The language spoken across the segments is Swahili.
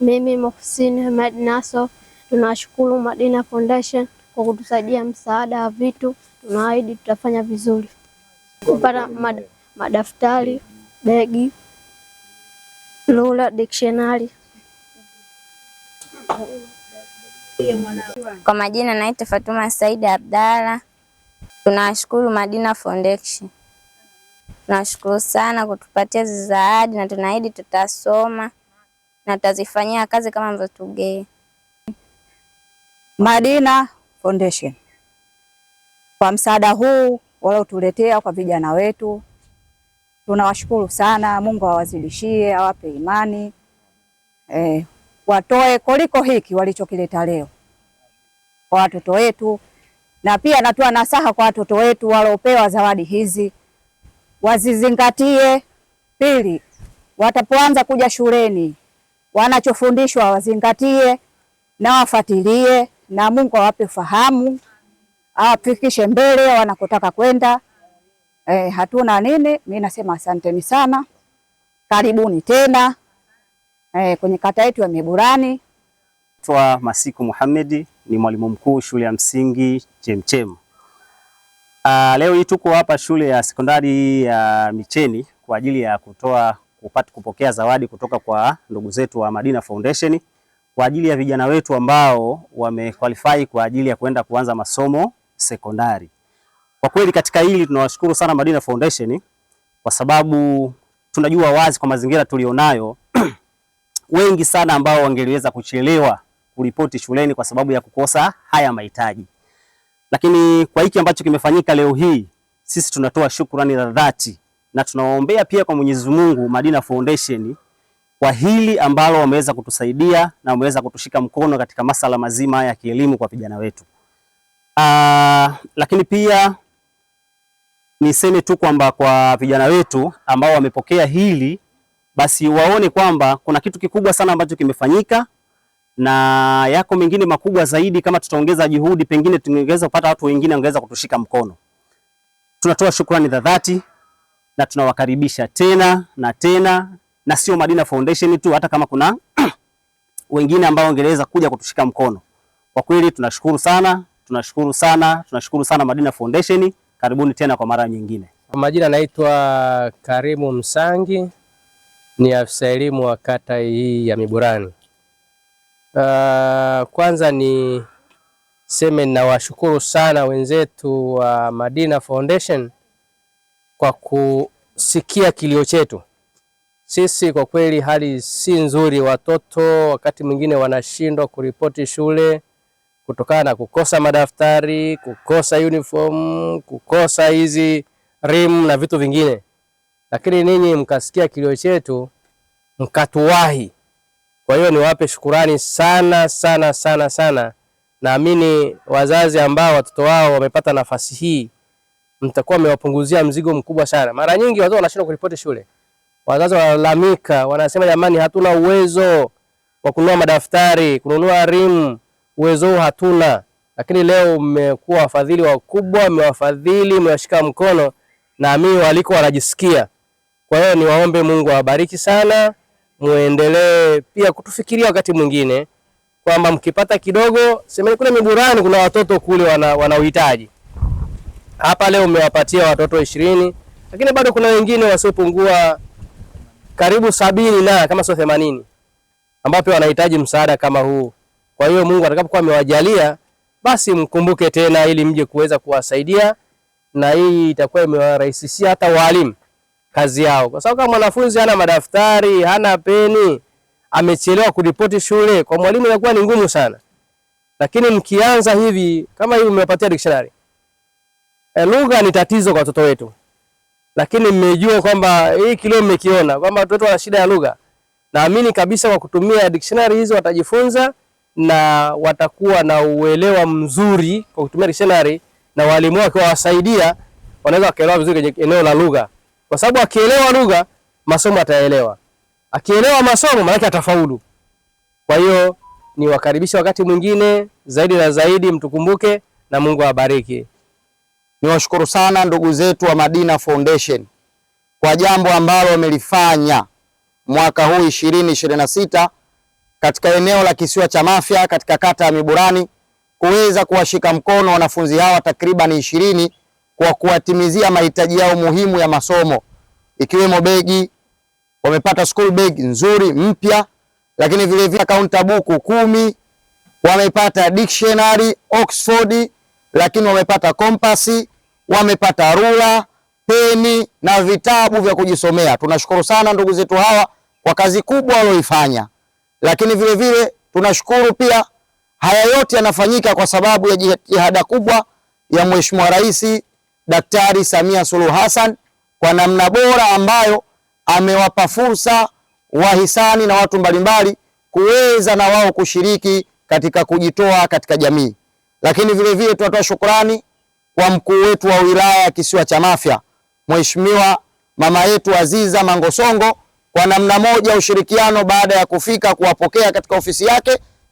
Mimi Mohsin Ahmed naso tunashukuru Madina Foundation kwa kutusaidia msaada wa vitu, tunaahidi tutafanya vizuri kupata mad madaftari, begi, lula, dictionary. Kwa majina naitwa Fatuma saidi Abdalla. Tunashukuru Madina Foundation, tunashukuru sana kutupatia zizaadi na tunaahidi tutasoma na tutazifanyia kazi kama mvyotugee. Madina Foundation kwa msaada huu waliotuletea kwa vijana wetu, tunawashukuru sana. Mungu awazidishie, awape imani eh, watoe kuliko hiki walichokileta leo kwa watoto wetu, na pia natoa nasaha kwa watoto wetu waliopewa zawadi hizi wazizingatie. Pili, watapoanza kuja shuleni wanachofundishwa wazingatie na wafuatilie, na Mungu awape fahamu, awafikishe mbele wanakotaka kwenda. E, hatuna nini. mi nasema asanteni sana, karibuni tena e, kwenye kata yetu ya Miburani. Twa Masiku Muhamedi ni mwalimu mkuu shule ya msingi Chemchem. Leo hii tuko hapa shule ya sekondari ya Micheni kwa ajili ya kutoa kupata kupokea zawadi kutoka kwa ndugu zetu wa Madina Foundation kwa ajili ya vijana wetu ambao wamequalify kwa ajili ya kwenda kuanza masomo sekondari. Kwa kweli katika hili tunawashukuru sana Madina Foundation kwa sababu tunajua wazi kwa mazingira tulionayo wengi sana ambao wangeliweza kuchelewa kuripoti shuleni kwa sababu ya kukosa haya mahitaji. Lakini kwa hiki ambacho kimefanyika leo hii, sisi tunatoa shukrani za dhati na tunawaombea pia kwa Mwenyezi Mungu Madina Foundation kwa hili ambalo wameweza kutusaidia na wameweza kutushika mkono katika masala mazima ya kielimu kwa vijana wetu. Aa, ah, lakini pia niseme tu kwamba kwa vijana wetu ambao wamepokea hili basi waone kwamba kuna kitu kikubwa sana ambacho kimefanyika na yako mengine makubwa zaidi. Kama tutaongeza juhudi, pengine tungeweza kupata watu wengine wangeweza kutushika mkono. Tunatoa shukrani za dhati na tunawakaribisha tena na tena, na sio Madina Foundation tu, hata kama kuna wengine ambao wangeweza kuja kutushika mkono. Kwa kweli tunashukuru sana, tunashukuru sana, tunashukuru sana Madina Foundation. Karibuni tena kwa mara nyingine. Kwa majina naitwa Karimu Msangi, ni afisa elimu wa kata hii ya Miburani. Uh, kwanza ni seme ninawashukuru sana wenzetu wa Madina Foundation kwa kusikia kilio chetu. Sisi kwa kweli hali si nzuri, watoto wakati mwingine wanashindwa kuripoti shule kutokana na kukosa madaftari, kukosa uniform, kukosa hizi rim na vitu vingine, lakini ninyi mkasikia kilio chetu mkatuwahi. Kwa hiyo niwape shukurani sana sana sana sana. Naamini wazazi ambao watoto wao wamepata nafasi hii mtakuwa mmewapunguzia mzigo mkubwa sana. Mara nyingi wazazi wanashindwa kuripoti shule, wazazi wanalalamika, wanasema jamani, hatuna uwezo wa kununua madaftari, kununua rimu, uwezo huo hatuna. Lakini leo mmekuwa wafadhili wakubwa, mmewafadhili, mmewashika mkono, naamini waliko wanajisikia. Kwa hiyo niwaombe Mungu awabariki sana, muendelee pia kutufikiria wakati mwingine kwamba mkipata kidogo, semeni kule miburani kuna watoto kule wana, wana uhitaji hapa leo umewapatia watoto ishirini, lakini bado kuna wengine wasiopungua karibu sabini na kama sio themanini ambapo wanahitaji msaada kama huu. Kwa hiyo Mungu atakapokuwa amewajalia basi mkumbuke tena ili mje kuweza kuwasaidia, na hii itakuwa imewarahisishia hata walimu kazi yao, kwa sababu kama mwanafunzi hana madaftari, hana peni, amechelewa kuripoti shule, kwa mwalimu inakuwa ni ngumu sana. Lakini mkianza hivi kama hivi, umewapatia dictionary E, lugha ni tatizo kwa watoto wetu, lakini mmejua kwamba hii kilio mmekiona kwamba watoto wana shida ya lugha. Naamini kabisa kwa kutumia dictionary hizo watajifunza na watakuwa na uelewa mzuri kwa kutumia dictionary, na walimu wake wawasaidia, wanaweza wakaelewa vizuri kwenye eneo la lugha, kwa sababu akielewa lugha masomo ataelewa, akielewa masomo maana atafaulu. Kwa hiyo niwakaribisha wakati mwingine zaidi na zaidi, mtukumbuke na Mungu awabariki. Niwashukuru sana ndugu zetu wa Madina Foundation kwa jambo ambalo wamelifanya mwaka huu 2026 katika eneo la kisiwa cha Mafia katika kata ya Miburani kuweza kuwashika mkono wanafunzi hawa takriban ishirini kwa kuwatimizia mahitaji yao muhimu ya masomo ikiwemo begi. Wamepata school bag nzuri mpya, lakini vile vile kaunta buku kumi, wamepata dictionary Oxford, lakini wamepata compass wamepata rula, peni na vitabu vya kujisomea. Tunashukuru sana ndugu zetu hawa kwa kazi kubwa walioifanya, lakini vile vile tunashukuru pia, haya yote yanafanyika kwa sababu ya jihada kubwa ya Mheshimiwa Rais Daktari Samia Suluhu Hassan kwa namna bora ambayo amewapa fursa wahisani na watu mbalimbali kuweza na wao kushiriki katika kujitoa katika jamii. Lakini vile vile tunatoa shukurani kwa mkuu wetu wa wilaya ya kisiwa cha Mafia, Mheshimiwa mama yetu Aziza Mangosongo kwa namna moja ushirikiano baada ya kufika kuwapokea katika ofisi yake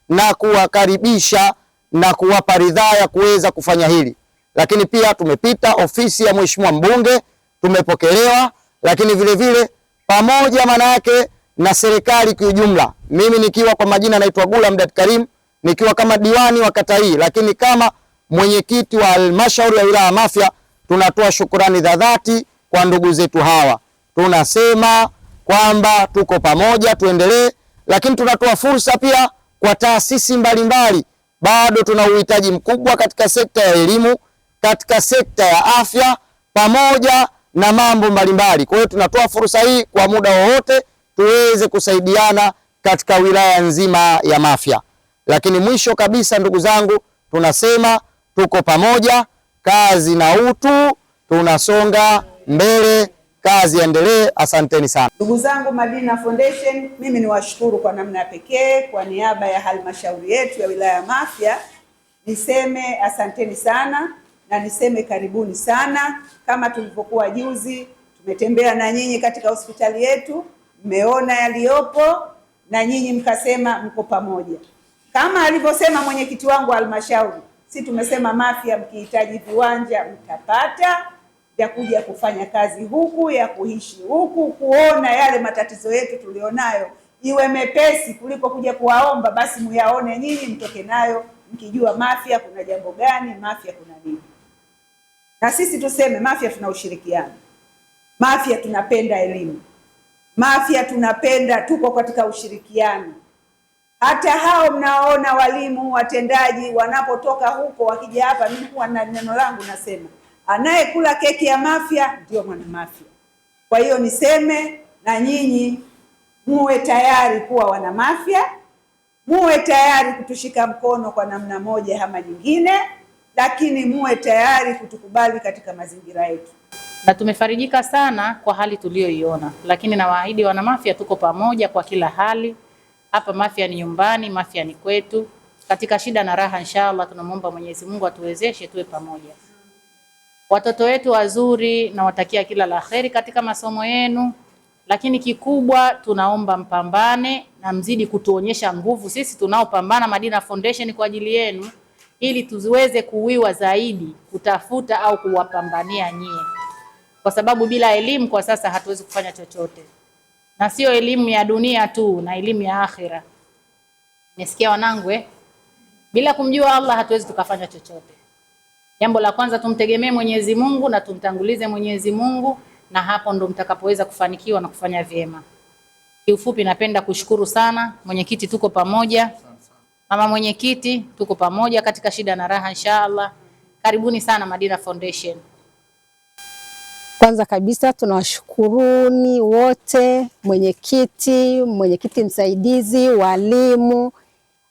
na kuwakaribisha na kuwapa ridhaa ya kuweza kufanya hili. Lakini pia tumepita ofisi ya Mheshimiwa mbunge tumepokelewa, lakini vile vile pamoja maana yake na serikali kiujumla, mimi nikiwa kwa majina naitwa Gula Mdad Karim nikiwa kama diwani wa kata hii, lakini kama mwenyekiti wa halmashauri ya wilaya ya Mafia, tunatoa shukurani za dhati kwa ndugu zetu hawa. Tunasema kwamba tuko pamoja, tuendelee, lakini tunatoa fursa pia kwa taasisi mbalimbali. Bado tuna uhitaji mkubwa katika sekta ya elimu, katika sekta ya afya, pamoja na mambo mbalimbali. Kwa hiyo tunatoa fursa hii kwa muda wowote tuweze kusaidiana katika wilaya nzima ya Mafia. Lakini mwisho kabisa, ndugu zangu, tunasema tuko pamoja, kazi na utu, tunasonga mbele, kazi endelee. Asanteni sana ndugu zangu Madina Foundation, mimi niwashukuru kwa namna pekee kwa niaba ya halmashauri yetu ya wilaya ya Mafia niseme asanteni sana na niseme karibuni sana. Kama tulivyokuwa juzi, tumetembea na nyinyi katika hospitali yetu, mmeona yaliyopo na nyinyi mkasema mko pamoja, kama alivyosema mwenyekiti wangu wa halmashauri si tumesema Mafia, mkihitaji viwanja mtapata vya kuja kufanya kazi huku, ya kuishi huku, kuona yale matatizo yetu tulionayo iwe mepesi kuliko kuja kuwaomba, basi muyaone nyinyi, mtoke nayo mkijua Mafia kuna jambo gani, Mafia kuna nini. Na sisi tuseme Mafia tuna ushirikiano, Mafia tunapenda elimu, Mafia tunapenda, tuko katika ushirikiano. Hata hao mnaoona walimu watendaji wanapotoka huko wakija hapa, mimi huwa na neno langu nasema, anayekula keki ya Mafia ndio mwana Mafia. Kwa hiyo niseme na nyinyi muwe tayari kuwa wana Mafia, muwe tayari kutushika mkono kwa namna moja ama nyingine, lakini muwe tayari kutukubali katika mazingira yetu. Na tumefarijika sana kwa hali tuliyoiona, lakini nawaahidi wana Mafia tuko pamoja kwa kila hali. Hapa Mafia ni nyumbani, Mafia ni kwetu. Katika shida na raha, inshallah tunamwomba Mwenyezi Mungu atuwezeshe tuwe pamoja. Watoto wetu wazuri, nawatakia kila la katika masomo yenu, lakini kikubwa tunaomba mpambane na mzidi kutuonyesha nguvu sisi tunaopambana Madina Foundation kwa ajili yenu, ili tuziweze kuwiwa zaidi kutafuta au kuwapambania nyie, kwa sababu bila elimu kwa sasa hatuwezi kufanya chochote na sio elimu ya dunia tu, na elimu ya akhira. Nisikia wanangu, eh? Bila kumjua Allah hatuwezi tukafanya chochote. Jambo la kwanza tumtegemee Mwenyezi Mungu na tumtangulize Mwenyezi Mungu, na hapo ndo mtakapoweza kufanikiwa na kufanya vyema. Kiufupi, napenda kushukuru sana mwenyekiti, tuko pamoja. Mama mwenyekiti, tuko pamoja katika shida na raha, inshallah. Karibuni sana Madina Foundation. Kwanza kabisa tunawashukuruni wote, mwenyekiti, mwenyekiti msaidizi, walimu,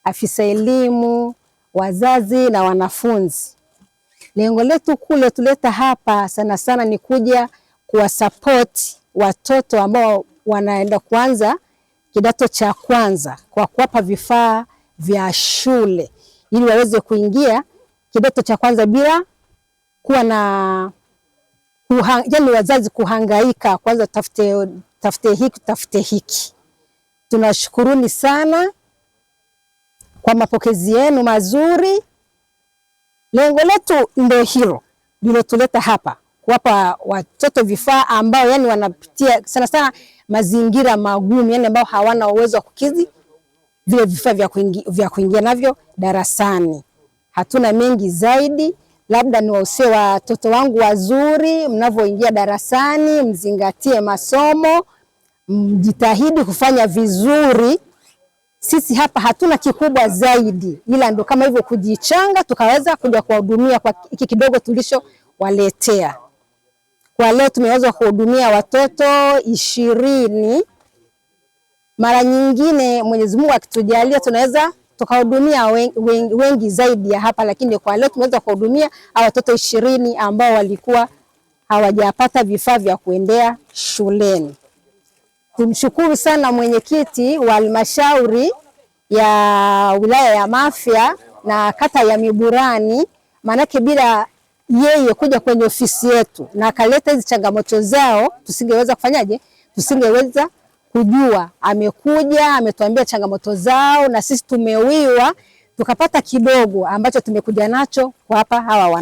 afisa elimu, wazazi na wanafunzi. Lengo letu kule tuleta hapa sana sana ni kuja kuwasapoti watoto ambao wanaenda kuanza kidato cha kwanza kwa kuwapa vifaa vya shule ili waweze kuingia kidato cha kwanza bila kuwa na yani wazazi kuhangaika kwanza, tafute tafute hiki tafute hiki. Tunashukuruni sana kwa mapokezi yenu mazuri. Lengo letu ndio hilo lilotuleta hapa, kuwapa watoto vifaa ambao yani wanapitia sana sana mazingira magumu, yani ambao hawana uwezo wa kukidhi vile vifaa vya kuingia, vya kuingia navyo darasani. Hatuna mengi zaidi labda niwausie watoto wangu wazuri, mnavyoingia darasani mzingatie masomo, mjitahidi kufanya vizuri. Sisi hapa hatuna kikubwa zaidi, ila ndo kama hivyo kujichanga, tukaweza kuja kuwahudumia kwa hiki kidogo tulichowaletea. Kwa leo tumeweza kuhudumia watoto ishirini. Mara nyingine Mwenyezi Mungu akitujalia tunaweza tukahudumia wengi, wengi zaidi ya hapa, lakini kwa leo tumeweza kuhudumia watoto ishirini ambao walikuwa hawajapata vifaa vya kuendea shuleni. Tumshukuru sana mwenyekiti wa halmashauri ya wilaya ya Mafia na kata ya Miburani, maanake bila yeye kuja kwenye ofisi yetu na akaleta hizi changamoto zao tusingeweza kufanyaje, tusingeweza kujua, amekuja ametuambia changamoto zao, na sisi tumewiwa tukapata kidogo ambacho tumekuja nacho kwa hapa hawa wana